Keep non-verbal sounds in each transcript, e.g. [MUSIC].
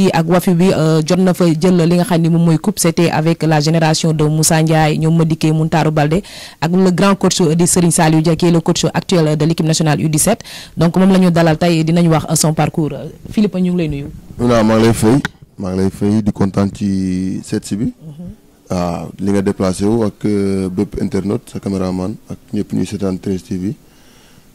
aussi ak wafi bi euh, jot na fa jël li nga xamni mom moy coupe c'était avec la génération de Moussa Ndiaye ma diké Muntaaru Baldé ak le grand coach di Serigne Saliou Diaké qui est le coach actuel de l'équipe nationale U17 donc mom lañu dalal tay dinañ wax son parcours Philippe ñu ngi lay nuyu. non ma lay fay ma lay fay di content ci cette si bi. Mhm. Ah, li nga déplacer wu ak euh, bépp internet sa caméraman ak ñëpp ñuy seetaan 13 TV.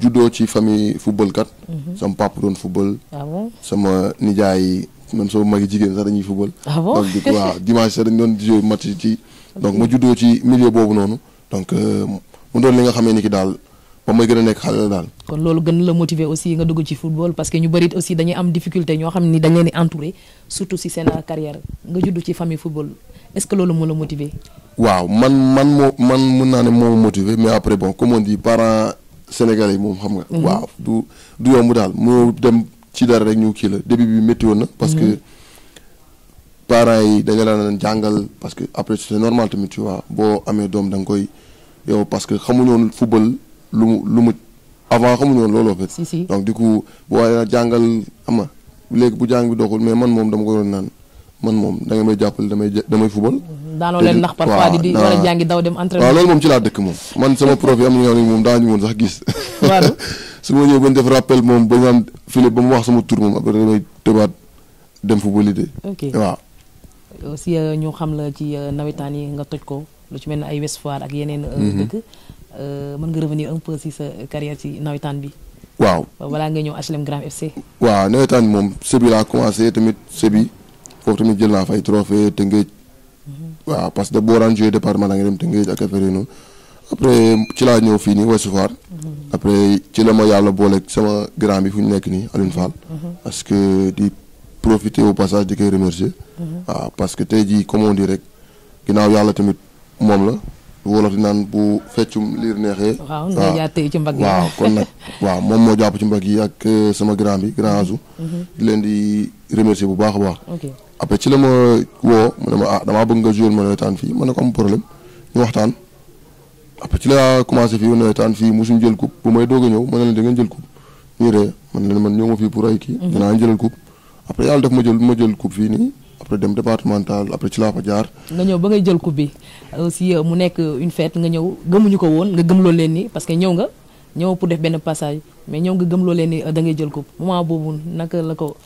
Judo ci famille football kat. Mhm. sama papa doon football. Ah sama nijaay man sama magi jigen sa dañuy football. Ah donc du coup [LAUGHS] dimanche sax dañu doon jouer match ci. donc ma judo ci milieu bobu non, donc euh, mu don li nga xamé ni ki daal ba may gën a nekk xale kon lolu gën la motiver aussi nga dugg ci football parce que ñu bëri aussi dañuy am difficulté ño xamni ni dañ leen di entouré surtout si seen carrière nga judo ci famille football est-ce que lolu mo la motiver. waaw man man mo man mën naa ne moo motiver mais après bon comme on dit parents. sénégal yi moom xam nga. Mhm. waaw du du mu daal mu dem ci dara rek ñu kii la début bi métti woon na. parce que mhm. parents yi dañu daan jàngal parce que après c'est normal tamit tu vois boo amee doom danga koy yow parce que xamuñu woon football lu mu lu mu avant xamuñu woon loolu en fait. donc du coup boo jàngal ama léegi bu jàng bi doxul mais man moom dama ko doon naan. man moom da nga may jàppale damay damay fubal. daanoo leen nax parfois di di war a jàngi daw dem entraînement. waaw loolu moom ci laa dëkk moom man sama prof yi am ñoo xam ne moom ñu woon sax gis. [LAUGHS] waaw [LAUGHS] su ma ñëwee def rappel moom bañ ñu am Philippe ba mu wax sama tour moom après damay tëbaat dem fubali de. ok waaw. aussi euh, ñu xam la ci euh, nawetaan yi nga toj ko lu ci mel ne ay West Foire ak yeneen. Euh, mhm. dëkk mën nga revenir un peu si sa carrière ci nawetaan bi. waaw wala nga ñëw HLM Grand FC. waaw nawetaan bi moom Sébi laa commencé tamit Sébi. foofu tamit jël naa fa ay trophée Tëngéej waaw parce que boo daan joué département da nga dem Tëngéej a affaire noonu après ci laa ñëw fii nii Ouest Foire après ci la ma yàlla booleeg sama grand bi fu ñu nekk nii Alioune Fall parce di profiter au passage di koy remercier mhm. waaw parce tey jii comme on rek ginnaaw yàlla tamit moom la wolof di naan bu feccum liir neexee. waaw nga ci mbagg yi kon nag waaw moom moo jàpp ci mbag yi ak euh, sama grand bi grand Azou. Mhm. di leen di remercier bu baax a baax. après ci la ma woo ah, damaa bëgg nga jouer ma fii ma ne ko am problème ci la commencé fii nawetaan fii mosuñ jël coupe bu may doog a ñëw ma ne leen da ngeen jël coupe ñu ree man ñëw ma fii pour ay ki mhm. dinaa jëlal coupe après yàlla def ma jël ma jël coupe fii nii. après dem après ci laa ko jaar. nga ñëw ba ngay jël coupe bi aussi euh, mu nekk une fête nga ñëw gëmuñu ko woon nga gëmloo leen ni parce que ñëw nga ñëw pour def benn passage mais ñëw nga gëmloo leen ni euh, da ngay jël coupe moment boobu naka la ko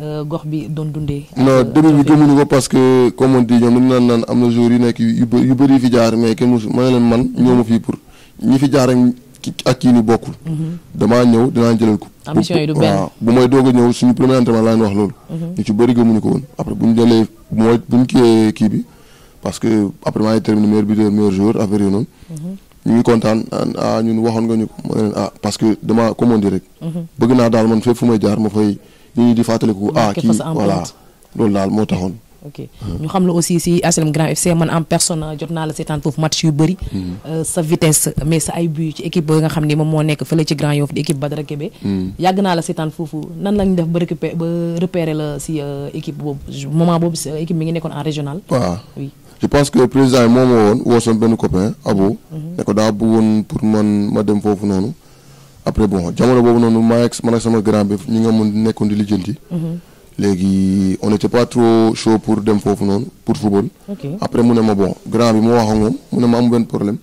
euh, gox bi doon dundee. non début bi gëmuñu ko parce que comme on dit ñoom dañu naan naan am na jour yu nekk yu bëri fi jaar mais kenn mu ma leen man ñoo ma fii pour ñi fi jaar ak kii ni bokkul. damaa ñëw dinaa jëlal ko. ambition yi du benn waaw bu may doog a ñëw suñu premier entraînement laa leen wax loolu. Mhm. ñu ci bëri gëmuñu ko woon après bu ñu jëlee mooy bu ñu kiiyee kii bi parce que après maa ngi terminé meilleur buteur meilleur joueur affaire yooyu noonu. Mhm. ñu ngi kontaan ah ñun waxoon nga ñu ko ma leen ah parce que damaa comme on dit rek. Mhm. bëgg naa daal man fépp fu may jaar ma fay ñu ngi di fàttaliku. ah kii voilà loolu daal moo taxoon. ok ñu xam la aussi si HLM Grand FC man en personne jot naa la seetaan foofu match yu bëri. Mm-hmm. Euh, sa vitesse mais sa ay but ci équipe ba nga xam ni moom moo nekk fële ci Grand Yoff di équipe Badara Kébé. Mm-hmm. yàgg naa la seetaan foofu nan lañ def ba récupérer ba repérer la si euh, équipe boobu moment boobu si euh, équipe mi ngi nekkoon en régional. waaw oui je pense que président yi moom moo woon woo sama benn copain Abo. Mm-hmm. ne ko daa bëggoon pour man ma dem foofu noonu. après bon jamono boobu noonu maa man ak sama grand bi ñi nga mun nekkoon di lijjanti. léegi on était pas trop chaud pour dem foofu noonu pour football. après mu ne ma bon grand bi moo wax ak moom mu ne ma am benn problème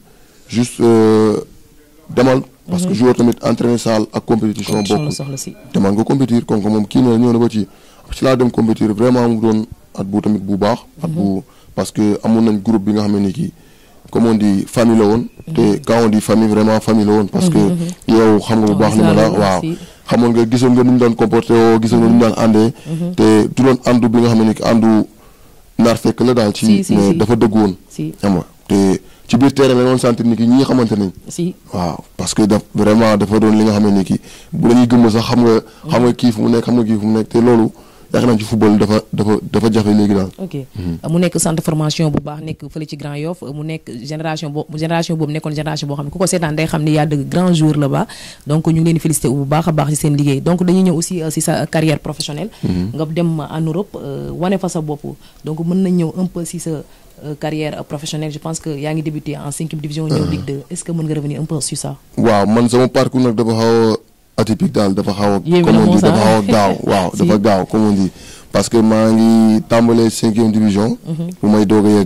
juste euh, demal. parce que mhm. joueur tamit entraîné salle ak compétition. bokkul demal nga compétir kon moom kii na ñëw na ba ci. ci laa dem compétir vraiment mu doon at bu tamit bu baax. at bu mhm. parce que amoon nañ groupe bi nga xam ne kii. comme on dit famille woon. te mhm. quand on dit famille vraiment famille la woon. parce que mhm, mhm. yow xam nga bu baax. li ma la waaw xamoon nga gisoon nga nu mu doon comporté woo gisoon nga nu mu daan àndee. te du doon àndu bi nga xam ne nii àndu naar fekk la ci dafa dëgg woon. xam nga ci biir terrain la doon ni ki ñi nga xamante ne. waaw parce que daf vraiment dafa doon li nga xam ne nii ki bu la ñuy gëm sax xam nga. xam nga kii fu mu nekk xam nga kii fu mu nekk te loolu. yaakaar naa ci football dafa dafa dafa jafe léegi daal. ok mhm. mu nekk centre formation bu baax nekk fële ci Grand Yoff mu nekk génération boobu génération boobu nekkoon génération boo xam ne ku ko seetaan day xam ni y a de grands joueurs là-bas donc ñu ngi leen félicité bu baax a baax ci seen liggéey donc dañuy ñëw aussi euh, ci sa carrière professionnelle. Mhm. nga dem en Europe euh, wane fa sa bopp donc mën na ñëw un peu ci sa. Euh, carrière professionnelle je pense que yaa ngi débuté en cinquième division. ñëw Ligue 2 est-ce que mën nga revenir un peu sur ça. waaw man sama parcours nag dafa xaw atypique daal dafa xaw a comme on dit dafa xaw a gaaw [LAUGHS] waaw dafa gaaw comme on dit parce que mangi ngi 5e division pour mhm. may doog a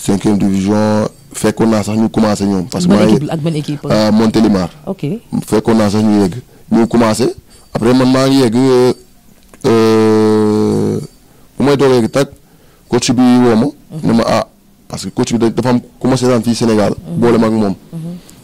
5e division fait qu'on a ça ñu commencé ñoom parce que maa ngi ak ban équipe euh, Montélimar ok fekkoon naa sax ñu yegg ñu commencé après man mangi ngi euh pour euh, may doog a yegg coach bi woo ma mhm. ma ah parce que coach bi dafa am commencé daan fii Sénégal mhm. boole ma ak moom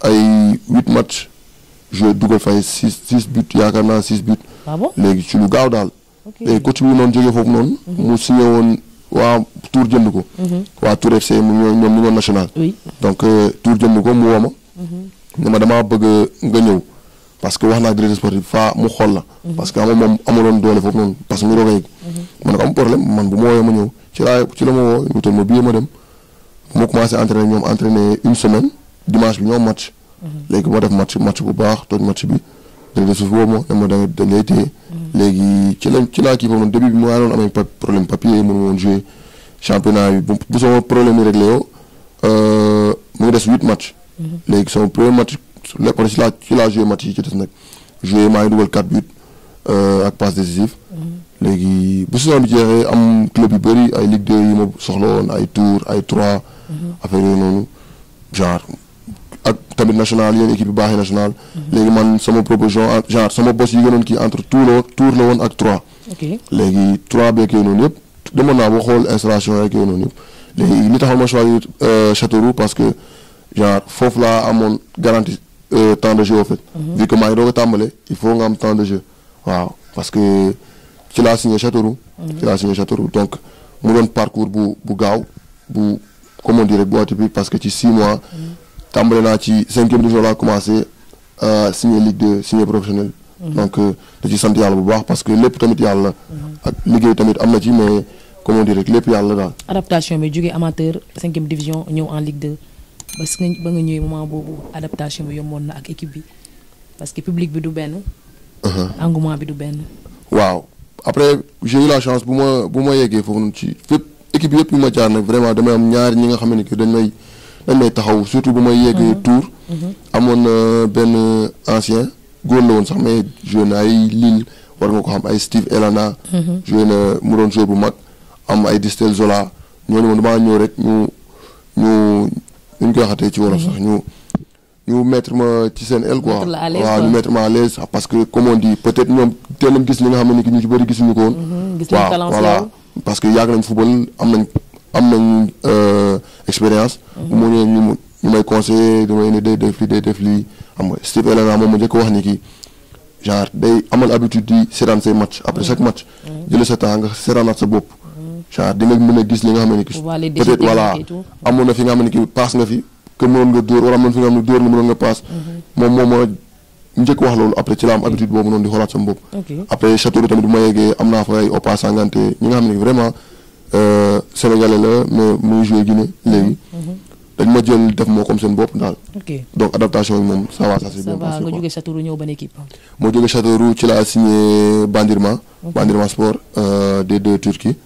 ay huit match joué dugal fay six buts, yakarna 6 buts six ah bon léegi ci lu gaw dal coach non non mhm. mu signé won wa Tour jënd ko. Mhm. wa Tour FC mu national. donc euh, Tour jënd ko mu woo mhm. ne bëgg nga parce que wax naa directeur sportif fa mu xol la. parce que am parce ko am problème man bu mo ñëw ci la mo ñu ma dem. commencé entraîné entraîné une semaine. dimanche bi ñoo match. Mhm. léegi moo def match match bu baax toog match bi dégg nga suuf woo ma ne ma da nga léegi ci lañ ci laa kii foofu noonu début bi mu maa doon amee problème papier mënu ma woon jouer bu sama problème yi euh, des huit match. Mhm. léegi sama premier match lépp ci laa ci laa joué des nag joué maa ngi dugal quatre euh, mhm. bu saison bi jeexee am club yu bëri ay Ligue 2 yi ma soxla woon ay Tour ay 3. affaire yooyu noonu genre. ak tamit national yenn équipe yu baax yi national mhm. léegi man sama proposition genre sama bos yi gënoon entre tour le tour le woon ak trois léegi trois beek yooyu noonu yëpp demoon naa ba xool installation rek yooyu noonu yëpp léegi li ma choisir euh, Châteauroux parce que genre foofu laa amoon garantie euh, temps de jeu en fait mhm. vu que maa ngi doog a il faut nga temps de jeu waaw parce que tu l'as signé Châteauroux tu mhm. l'as signé Châteauroux donc mu doon parcours bu bu gaaw bu comment dire bu atypique parce que ci six mois tambalé na division commencé euh, ligue de signer professionnel. Mhm. donc euh, da ci bu parce que tamit mhm. ak mais comment dire adaptation bi amateur 5e division en ligue 2 parce que ba nga moment adaptation na équipe parce que public bi du uh-huh. engouement bi du ben. waaw après j'ai eu la chance pour moi. ci équipe ma vraiment que lay taxaw surtout bu may yegg mhm. tour mhm. amoon ben ancien góor la woon sax mais joué na ay Lille war nga ko xam ay Steve Elana mhm. joué na mu doon joué bu mag am ay Distel Zola ñooñu moom damaa ñëw rek ñu ñu ñu koy waxatee ci wolof sax ñu ñu mettre ma ci seen aile quoi waaw ñu mettre ma à l'aise parce que comme on dit peut-être ñoom teel gis li nga xam ne ni ñu ci bëri gisuñu ko woon waaw voilà parce que yàgg nañ football am nañ am nañu euh, expérience. mu mhm. ne ñu ñu may conseiller di may ne day def lii day def lii xam nga Steve Elena moom ma njëkk wax ni kii genre day amal habitude mhm. sa temps nga seetaanaat mhm. di nga mën a gis li nga xam ne ki peut-être voilà amoon na fi nga xam ne ki paas nga fi que mënoon nga dóor wala amoon fi nga xam ne dóor nga mënoon nga paas. moom moom moo njëkk wax loolu après ci la am habitude boobu noonu di xoolaat sama bopp. après château bi tamit bu ma yeggee am naa fa ay ñi nga xam ne vraiment. Euh, Sénégalais la mais muy joué Guinée léegi. Mhm. dañ ma jël def moo comme seen bopp daal. donc adaptation bi moom ça va ça c'est bien. passé nga jógee Châteauroux ñëw ban équipe. Sport euh, des deux Turquie.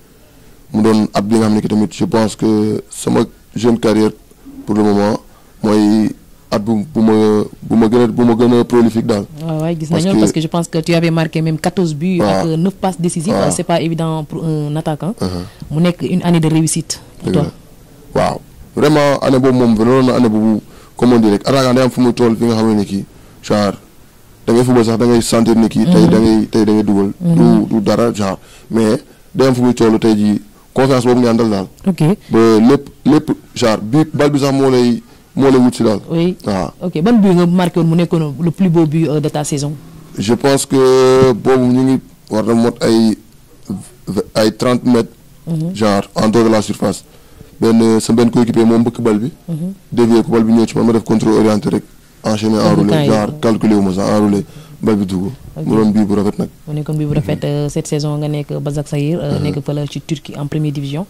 mu doon at bi nga xam ne que tamit je pense que sama jeune carrière pour le moment mooy. at buma bu ma bu ma prolifique daal. waay gis nañu parce que je pense que tu avais marqué même 14 buts. ak 9 passes décisives. c'est pas évident pour un attaquant. Uh-huh. mu nek une année de réussite. pour toi waaw vraiment année boobu mom loolu na année boobu comme on dit rek attaquant day am fu muy tool fi nga xamé ni ki genre da ngay football sax da ngay sentir ni ki mm-hmm. tay da ngay tay da ngay dugal. Mm-hmm. du du dara genre mais day am fu muy tool tey jii confiance boobu nga àndal ok ba lépp lépp genre bii bal bi sax moo lay. Moi le wut oui Ah. ok Bon but nga marqué woon le plus beau but euh, de ta saison. je pense que bon ñu ngi war na mot ay ay mètres. Mhm. genre en dehors de la surface. c'est sa benn coéquipier moom mbëkk bal bi. Mhm. dévier ko bal bi ñëw ci man ma def contrôle orienté rek. enchaîné enroulé genre calculé wu moins sax enroulé bal bi dugg. mu doon bii bu rafet nag. mu nekkoon bu rafet euh, cette saison nga nekk Başakşehir. Euh, mhm. nekk fële ci Turquie en première division.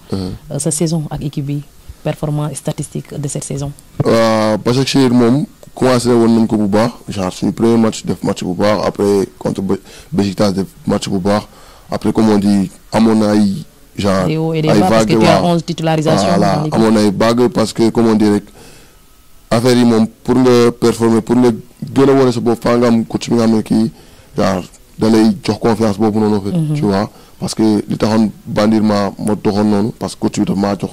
sa saison ak équipe bi performance statistique de cette saison. Euh, parce que moom commencé woon nañ ko bu baax genre suñu premier match def match bu baax après contre Besiktas def match bu baax après comme on dit amoon na ay genre ay vagues waaw 11 titularisations voilà amoon na ay vagues parce que comme on dit rek affaire yi pour le performer pour nga gën a ce sa fangam coach bi nga xam ne kii genre da lay jox confiance boobu noonu. Mhm. tu vois parce que le taxoon bandir ma ma non parce que coach bi daf maa jox.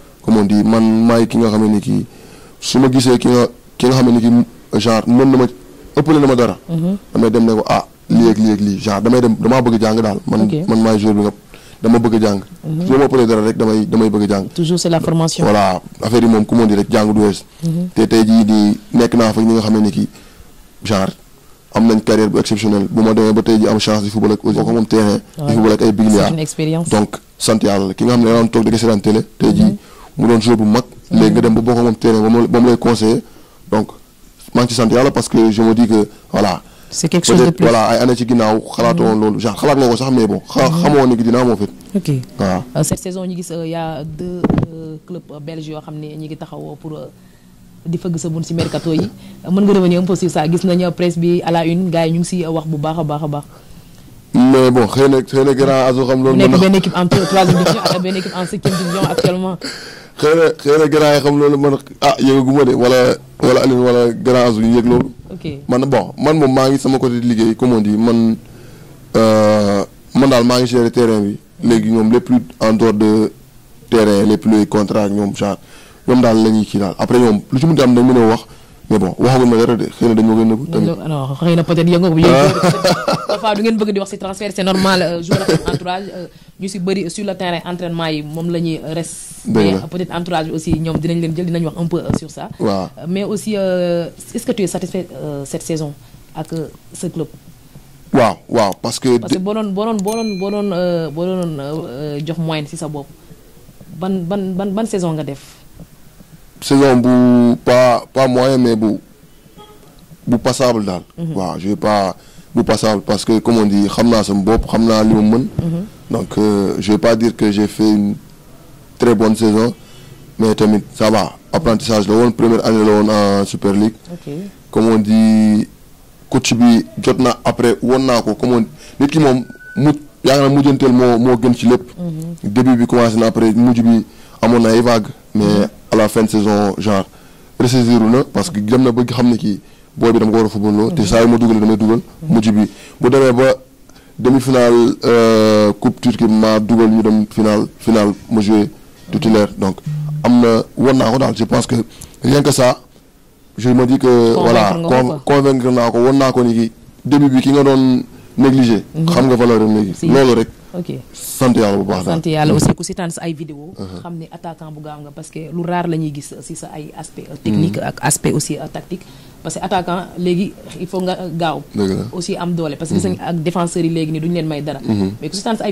comme on dit man may ki nga xamné ki suma gisé ki nga ki nga xamné ki genre mën na ma ëppale na ma dara. Mhm. damay dem ne ko ah lii ak li ak lii genre damay dem dama bëgg jang dal man man may jour bi nga dama bëgg jang jàng. Mhm. su ma ëppalee dara rek damay damay bëgg jang toujours c'est la formation. voilà affaire yi moom ku ma di rek jàng du wees. Mhm. te tey jii di nek na fa ñi nga xamné ki genre. am nañ carrière bu exceptionnelle bu ma demee ba tey ji am chance di football ak aussi boo ko moom terrain di football ak ay bigliard donc sant yàlla ki nga xam ne daan toog di ko seetaan télé tey ji mu doon joueur bu mag. léegi nga dem ba boko ko moom terrain ba mu lay conseiller donc maa ngi ci sant yàlla parce que je me dis que voilà. c'est quelque chose de plus voilà ay année ci ginnaaw xalaatoo woon loolu genre xalaat nga ko sax mais bon. Mm-hmm. xamoo ni dinaa moo fit. ok waaw euh, cette saison ñu gis euh, y a deux euh, clubs belges yoo xam ne ñu ngi taxawoo pour di fëgg sa bun si mercato yi [LAUGHS] mën nga revenir un peu sur ça gis nañu presse bi à la une gars yi ñu ngi si wax bu baax a baax a baax. mais bon xëy na xëy na grand azo xam loolu. mën na nekk benn équipe en troisième division ak benn équipe en cinquième division actuellement. [LAUGHS] xëy na xëy na grand yi xam loolu man ah yëgaguma de wala wala Alioune wala grand Azou yëg loolu. ok man bon man moom maa ngi sama côté liggéey comme on dit euh, man daal maa ngi gérer terrain bi léegi ñoom lépp lu en dehors de terrain lépp luy contrat ak ñoom genre ñoom daal la kii daal après ñoom lu ci mën am dañ mën a wax. mais bon waxagul de xëy na dañoo gën a. tamit alors xëy na peut-être yëngu ko yëngu ko [LAUGHS] parfois bëgg di wax ci transfert c'est normal euh, joueur ak [LAUGHS] entourage. Euh, ñu si bëri sur le terrain entraînement yi moom la ñuy res mais peut-être entourage bi aussi ñoom dinañ leen jël dinañ wax un peu euh, sur ça waaw euh, mais aussi euh, est-ce que tu es satisfait cette saison ak ce club waaw waaw parce que parce que boo doon boo doon boo doon boo doon boo doon jox moyen si sa bopp ban ban ban ban saison nga def saison bu pas pas moyen mais bu bu passable daal mhm. waaw je vais pas bu passable parce que comme on dit xam naa sama bopp xam naa li ma mën mhm. Donc, euh, je ne vais pas dire que j'ai fait une très bonne saison, mais ça va. Apprentissage, la première année là, en Super League. Okay. Comme on dit, coach bi jot après woon comme on ki moom mu yaakaar naa mujjanteel moo moo gën ci lépp. Mhm. début bi commencé après mujj bi amoon na vague mais mhm. à la fin de saison genre ressaisir na parce que dem na ba xam ne kii booy bi dama ko war a football loo mhm. te saa yu ma dugalee damay dugal. mujj bi bu demee ba demi-finale euh, coupe turquie ma double demi finale finale moi joué titulaire donc je pense que rien que ça je me dis que voilà convaincre naa ko war ni début bi ki nga négligé mhm. xam nga valeur am léegi rek ok Santé yàlla bu baax sant mhm. aussi ku seetaan ay vidéo mhm. xam attaquant bu gaaw nga parce que lu rare lañuy gis si sa ay aspect euh, technique ak aspect aussi euh, tactique parce que attaquant léegi il faut nga gaaw. aussi am doole parce que gis nañ mhm. ak défenseurs yi léegi nii duñu leen may dara. Mhm. mais ku si ay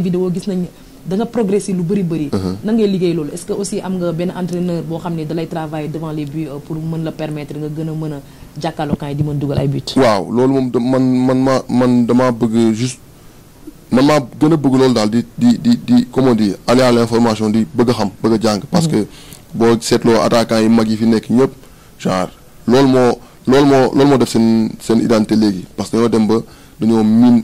lu bëri bëri. Mhm. nan liggéey loolu est-ce que aussi am nga benn entraîneur boo xam ne dalay travailler devant les buts euh, pour mën la permettre nga gën a mën a jàkkaarloo kan yi di mën dugal ay buts. waaw loolu moom man man ma man bëgg juste maa gën a bëgg loolu daal di di di di comment dire aller à l'information di bëgg xam bëgg jàng. parce que boo seetloo attaquant yi mag yi fi nekk ñëpp genre loolu moo loolu moo def seen seen identité léegi parce que dañoo dem ba dañoo miin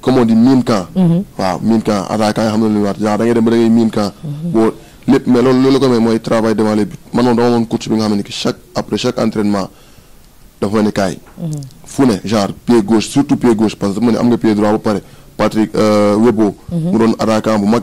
comme on dit miin camp. Mhm. waaw miin camp attaquant yi xam nañu lu ñuy wax genre da dem ba da ngay miin camp. Mhm. boo lépp mais loolu loolu la ko may mooy travail devant les man moom dama moon coach bi nga xam ne que chaque après chaque entraînement dafa ma ne kaay. Mhm. fu ne genre pied gauche surtout pied gauche parce que dafa ma ne am nga pied droit ba pare Patrick euh, Webo. mu doon attaquant bu mag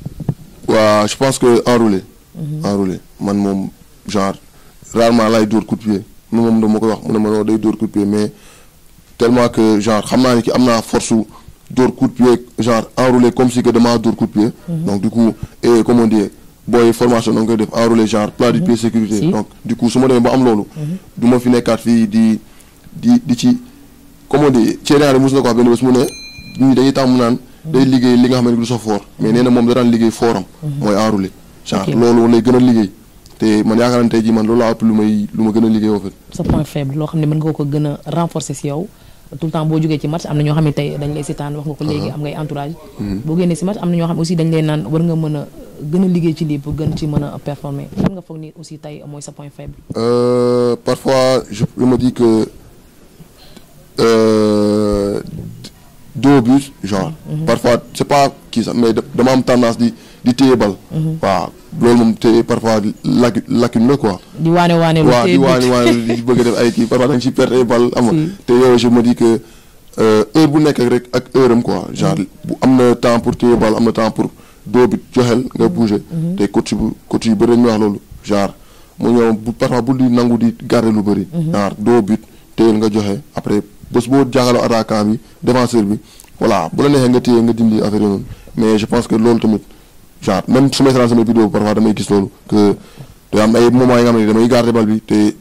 ouais je pense que enroulé. Mhm. enroulé man moom genre rarement il dóor coup de pied nous moom dama koy wax mu ne ma non day coup de pied mais tellement que genre xam naa ne ki am force dóor coup de pied genre enroulé comme si que demain dóor coup de pied. Mhm. donc du coup et eh, comment dire dit formation donc def enroulé genre plat du mhm. pied sécurité. donc du coup ce ma demee ba am loolu. du ma fi nekkaat fii di di di ci comme on dit Thierry Henry mos na ko wax benn bés mu ne nit day liggéey li nga xam ne du sa mais nee moom da daan liggéey fortam mooy enroulé genre loolu lay gën a liggéey te man yaakaar naa tey man loolu laa ëpp lu may lu ma gën a liggéey woo fait sa point faible loo xam ne mën nga ko gën a renforcer si yow tout le temps boo jógee ci match am na ñoo xam ne tey dañ lay seetaan wax nga ko léegi uh-huh. am ngay entourage mm-hmm. boo génnee si match am na ñoo xam ne aussi dañ lay naan war nga mën a gën a liggéey ci lii a performer fan nga foog ni aussi tey mooy sa point deux buts genre. Mhm. parfois c'est pas kii sax mais dama am tendance di di téye mhm. loolu moom la quoi. di waane waane lu téye waaw di a def ay kii nga ci te yow je euh, bu nekk rek ak heure am quoi genre mhm. na pour téye bal am na temps pour deux buts joxel nga bouger. te coach bu coach yu bëri dañuy wax loolu genre di nangu di garder lu bëri. genre nga joxe après. bés boo jaaxaloo attaquant bi défenseur bi voilà bu la neexee nga téye nga dindi affaire yooyu mais je pense que loolu tamit genre même su may seetaan sama vidéo parfois damay gis loolu que day am ay moments yi nga xam ne damay garder bal bi te.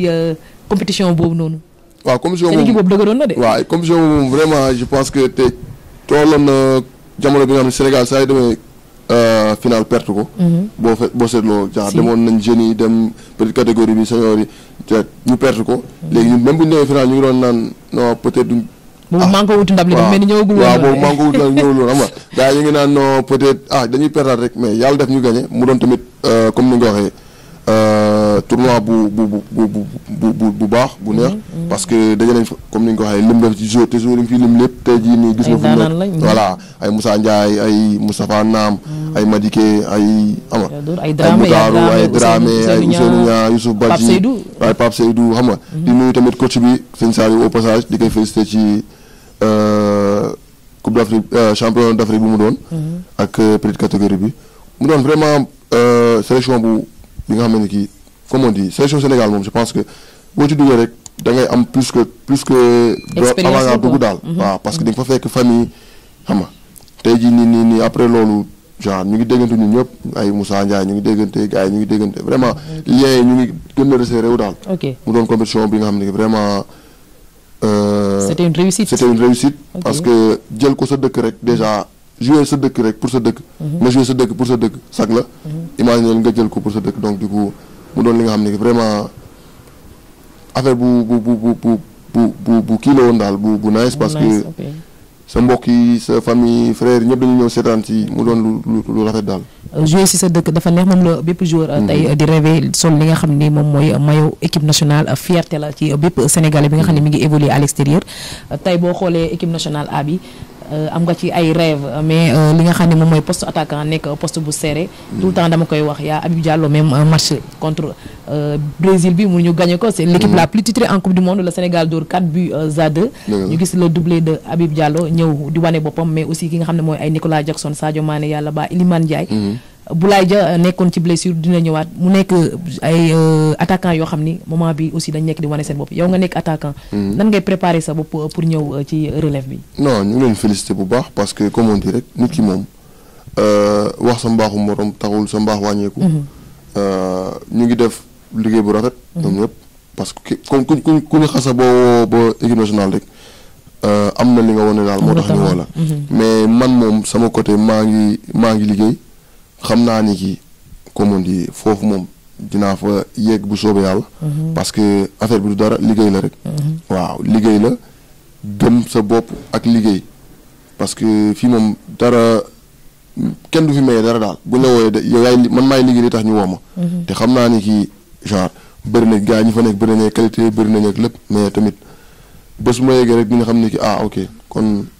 ci euh, compétition boobu noonu. wa compétition boobu vraiment je pense que te tooloon na jamono bi nga xam ne Sénégal saa yu demee euh, final perte ko. bo mhm. bo boo lo si demoon nañ jeunes dem petite catégorie bi senior yi ñu perte ko. Mhm. légui même bu ñëw demee final ñu ngi doon naan non peut-être duñ. boobu maa ngi ndab li dafa mel ni ñëwagul woon waaw boobu maa ngi ko wuti ndab xam nga [LAUGHS] gars ngi naan non peut-être ah dañuy perdre rek mais yalla def ñu gagner mu don tamit euh comme ni nga waxé Euh, tournoi bu bu bu bu bu bu baax bu neex. Mm-hmm, mm-hmm. parce que daje nañ fa comme ni ñu ko waxee lim la ci jour te jour yi fi lim lépp tey jii nii. gis nga fu nekk voilà ay Moussa Ndiaye ay Moustapha Naam. Mm-hmm. ay Madiké ay ama ay Mutaaru ay Dramé ay Ousseynou Niang Youssouf Badji ay Pape Seydou xam nga. di nuyu tamit coach bi sëñ Saliou au passage di koy félicité ci euh, coupe d' Afrique euh, championnat d' bi mu doon. ak petite catégorie bi mu doon vraiment sélection bu. Comment nga on dit sélection Sénégal moom je pense que boo tu duggee rek da ngay am plus que plus que. avoir beaucoup d'al, parce que des fois fa que famille xam nga ni ni ni après loolu genre Nous ngi déggante ñun ñëpp ay Moussa Ndiaye ñu ngi déggante gars nous ñu ngi vraiment lien, yi ñu ngi gën a resserré wu daal. mu doon compétition bi nga vraiment. Euh, c'était une réussite c'était une réussite parce que j'ai ko sa dëkk rek déjà. jouer sa dëkk rek pour sa dëkk. nga mhm. jouer sa dëkk pour sa dëkk sag la. Mhm. imaginer nga jël ko pour sa dëkk donc du coup mu doon li nga xam ne vraiment affaire bu bu bu kii la woon daal bu bu nice parce que sa mbokk yi sa famille frère ñëpp dañu ñëw seetaan si lu lu rafet daal. Euh, jouer dëkk dafa neex moom la bépp joueur. Euh, tey mhm. di rêver sol li nga xam ni moom mooy maillot équipe nationale euh, fierté la ci bépp sénégalais bi nga xam ne mi ngi évoluer à l'extérieur tey boo xoolee équipe nationale A bi. Euh, am nga ci ay rêve mais euh, li nga xam ne moom mooy poste attaquant nekk poste bu serré. tout le temps dama koy wax yaa Habib Diallo même euh, match contre Brésil bi mu ñu gagné ko c' est l' la plus titrée en coupe du monde le Sénégal dóor 4 buts à 2. ñu gis le doublé de Habib Diallo ñëw di wane boppam mais aussi ki nga xam ne mooy ay Nicolas Jackson Sadio Mané yàlla ba Iliman Ndiaye. Mm-hmm. Boulaye Dia euh, nekkon ci blessure dina ñëwaat mu nekk ay euh, attaquant yo xamni ni moment bi aussi dañ nekk di wone seen bop yow nga nekk attaquant. Mm-hmm. nan ngay préparer sa bop euh, pour ñëw ci relève bi. non ñu leen féliciter bu baax parce que comme on dit rek nit ki euh wax sa mbaxu morom taxul sa mbaax mm-hmm. euh ñu ngi def liggéey bu rafet. Mm-hmm. ñom ñep parce que comme kuñ kuñ kuñ xassa bo bo équipe nationale rek. euh amna li nga wone dal mo tax ñu wala mais man mom sama côté maa ngi ngi liggéey xam naa ni ki comme on dit foofu moom dinaa fa yegg bu soobee yàlla. parce que affaire bi du dara liggéey la rek. waaw liggéey la gëm sa bopp ak liggéey parce que fii moom dara kenn du fi maye dara daal bu la wooyee de yow yaay man maay liggéey li tax ñu woo ma. te xam naa ni ki genre bëri na gaa ñi fa nekk bëri nañu qualité bëri nañu ak lépp mais tamit bés bu ma yeggee rek dina xam ni ki ah ok kon.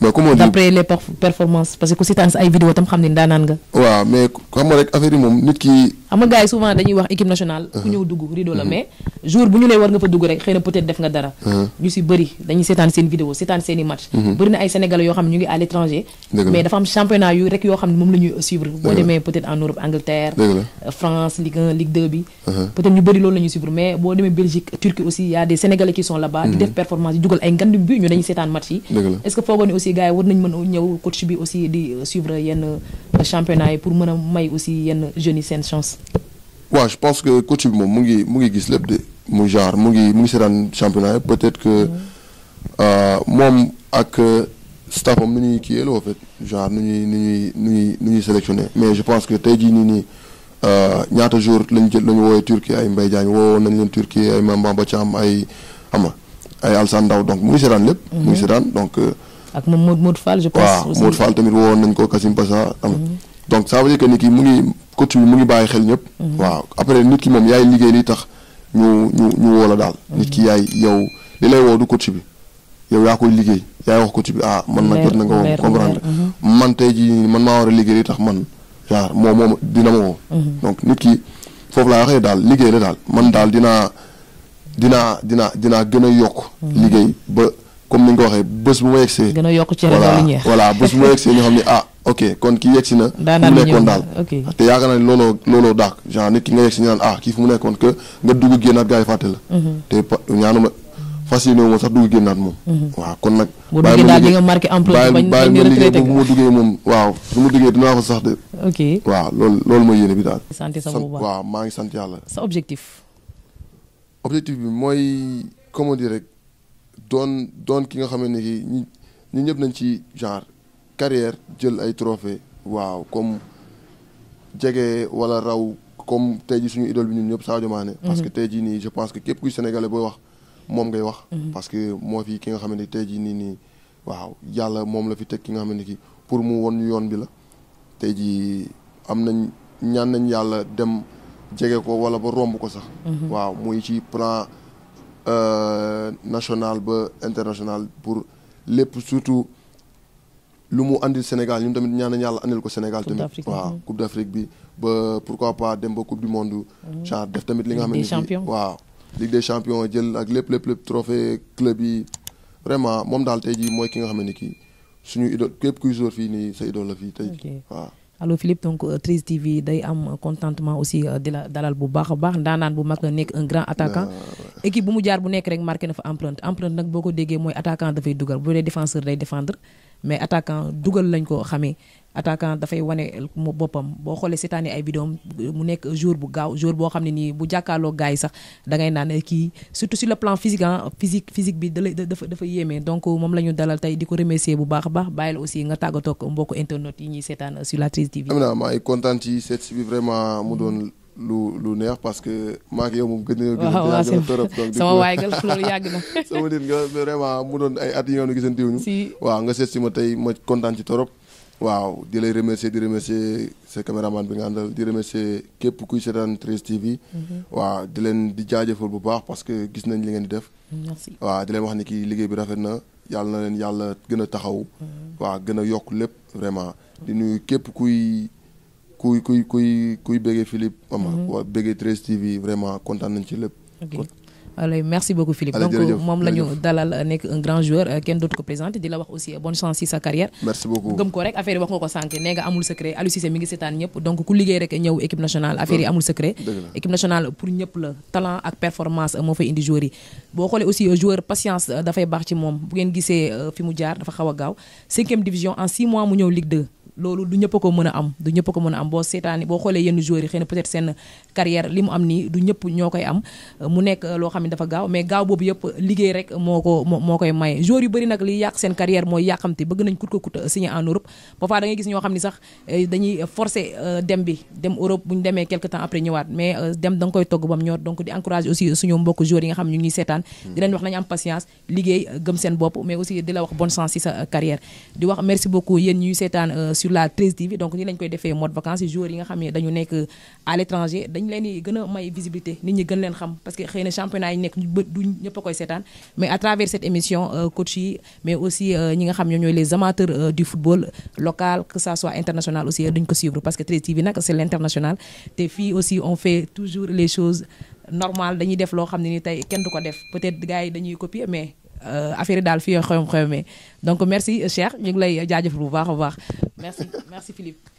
mais bah, comment dire d'après les performances parce que c'est un sa vidéo tam xam ne daanaan nga. wa mais xam rek affaire yi mom nit ki. xam nga gars souvent dañuy wax équipe nationale. ku uh-huh. ñëw dugg rideau la uh-huh. mais jour bu ñu lay war nga fa dugg rek xëy peut-être def nga dara. Uh-huh. ñu ci bëri dañuy sétane seen vidéo sétane seen match. bëri na ay sénégalais yo xam ñu ngi à l'étranger. mais dafa am championnat yu rek yo xam mom lañuy suivre. bo démé peut-être en Europe Angleterre. Euh, France Ligue 1 Ligue 2 bi. peut-être ñu bëri loolu lañuy suivre mais bo démé Belgique Turquie aussi il y a des sénégalais qui sont là-bas. di def performance yi duggal ay ngand bi ñu dañuy sétane match yi. est-ce que foogoon aussi aussi gars yi war nañ a ñëw coach bi aussi di euh, suivre yenn euh, championnat et pour moi may aussi yenn jeunes une chance. ouais je pense que coach bi ngi mu ngi gis lépp de mon genre mu ngi c'est ngi championnat peut-être que euh, moom ak staff nu ñuy kiiyee la en fait genre nous nous nous nous nu sélectionné mais je pense que tey ni ni nii. ñaata jour lañ jël lañu wooyee Turquie ay Mbaye Diagne woo nañ leen Turquie ay Mambamba Thiam ay ama ay Alsan Ndaw donc mu ngi seetaan lépp mm-hmm. mu ngi seetaan donc ak moom Modou Modou Fall waaw ko Kassim Bacha am mhm. donc ça ngi coach bi mu ngi bàyyi xel ñëpp. Mhm. ki moom yaay liggéey li tax ñu ñu ñu woo la daal. Mhm. nit ki bi yow yaa koy liggéey yaay wax coach bi ah. man na jot na nga woo comprendre man tey ji man a liggéey li tax man genre moom moom dina ma donc nit ki foofu laa waxee daal liggéey la daal man daal dinaa dinaa dinaa dinaa gën a yokk. liggéey ba. comme ni nga ko waxee bés bu ma yegsee. gën a yokk cere voilà voilà bés bu ma yegsee ñu xam ne ah ok kon ki yegsi na. fu mu nekkoon daal te yaakaar naa ne looloo looloo daak genre nit ki nga yegsi ñu naan ah kii fu mu nekkoon que nga dugg génnaat gars yi fàtte la. Mm-hmm. te pa ñaanuma fasciné wu ma sax dugg génnaat moom. Mm-hmm. waaw kon nag. bu duggee daal di nga marqué emploi duggee moom waaw bu ma duggee dinaa fa sax de. ok waaw loolu loolu mooy yéene bi daal. sant sa bopp waaw maa ngi sant yàlla. sa objectif. bi mooy comment dire doon doon ki nga xamante ne ki ñu ñëpp nañ ci genre carrière jël ay trophée waaw comme jege wala raw comme tey ji suñu idole bi ñu ñëpp Sadio Mané mhm. parce que tey jii nii je pense que képp kuy sénégalais booy wax moom ngay wax mhm. parce que moo fi ki nga xamante ni tey jii nii nii waaw yàlla moom la fi teg ki nga xamante ni ki pour mu won ñu yoon bi la tey jii am nañ ñaan nañ yàlla dem jege ko wala ba romb ko sax mhm. waaw muy ci plan Euh, national international pour plus surtout lu mu andil Sénégal ñun tamit ñaan Sénégal coupe d'Afrique mm-hmm. pourquoi pas dem coupe du monde Ligue des champions jël ak club yi vraiment moom daal tey jii mooy ki nga xam ne suñu idole Philippe donc euh, TV day am contentement aussi euh, dalal bu a un grand attaquant équipe bu mu jaar bu nekk rek marqué na fa empreinte empreinte nag boo ko déggee mooy attaquant dafay dugal bu dee défenseur day défendre mais attaquant dugal lañ ko xamee attaquant dafay wane boppam boo xoolee seetaanee ay vidéom mu nekk jour bu gaaw jour boo xam ne nii bu jàkkaarloo gars sax da ngay naan kii surtout sur le plan physique ah, physique bi dafa yéeme donc moom la dalal tey di ko remercier bu baax a bàyyi la aussi nga tàggatoo ak mbokku internautes yi ñuy seetaan sur lu lu neex parce que maak yow moom gëj nañoo. waaw waaw seen sama waay gal loolu yàgg na. [LAUGHS] sama nit nga vraiment mu doon ay at yi yoonu gisante nga seet si ma tey ma kontaan ci torop. waaw di lay remercier di remercier sa caméraman bi nga àndal di remercier képp kuy seetaan 13TV. Mhm. waaw di leen di jaajëfal bu baax parce que gis nañ li ngeen di def. waaw di leen wax ni kii liggéey bi rafet na yàlla na leen yàlla gën a taxaw. Mhm. waaw gën a yokk lépp vraiment. di nuyu képp kuy. kuy kuy kuy kuy bëggee Philippe. xam nga bëggee 13 TV vraiment content nañ ci lépp. alors merci beaucoup Philippe donc moom la dalal euh, nekk un grand joueur euh, kenn dootu ko présenté di la wax aussi euh, bonne chance ci sa carrière merci beaucoup gëm ko rek affaire yi wax nga ko sànq nee nga amul secret Aliou Cissé mi ngi seetaan ñëpp donc ku liggéey rek ñëw équipe nationale affaire yi amul secret équipe nationale pour ñëpp la talent ak performance moo fay indi joueur yi boo xoolee aussi joueur patience dafay baax ci moom bu ngeen gisee fi mu jaar dafa xaw a gaaw cinquième division en six mois mu ñëw Ligue 2 loolu du ñëpp ko mën a am ñëpp ko mën a boo seetaani boo xoolee yenn joueurs yi xëy peut-être seen carrière li mu am nii du ñëpp ñoo koy am euh, mu nekk euh, loo xam ne dafa gaaw mais gaaw boobu yëpp liggéey rek moo ko moo koy maye joueurs yu nag li yàq seen carrière mooy yàqamte bëgg nañ ko kut signé gis ñoo xam ne sax euh, dañuy forcer dem bi dem Europe bu demee quelque temps après ñëwaat mais dem da koy togg bam ñor donc di encourager aussi suñu mbokk joueurs nga xam ne seetaan hmm. di seen bopp mais aussi di la wax bonne chance ci sa carrière di wax merci beaucoup yéen ñuy la 13 TV donc nous lañ fait mois de vacances et joueurs yi nga xam à l'étranger nous avons di une visibilité nit ñi gën parce que xëy championnat yi nekk du ñëpp mais à travers cette émission euh, coach mais aussi euh, les amateurs euh, du football local que ce soit international aussi nous ko parce que 13 TV c'est l'international Les filles aussi on fait toujours les choses normales dañuy peut-être gars dañuy mais Euh, affaire daal fii xew xew donc merci Cheikh ñu ngi lay jaajëfal bu baax a baax merci merci Philippe.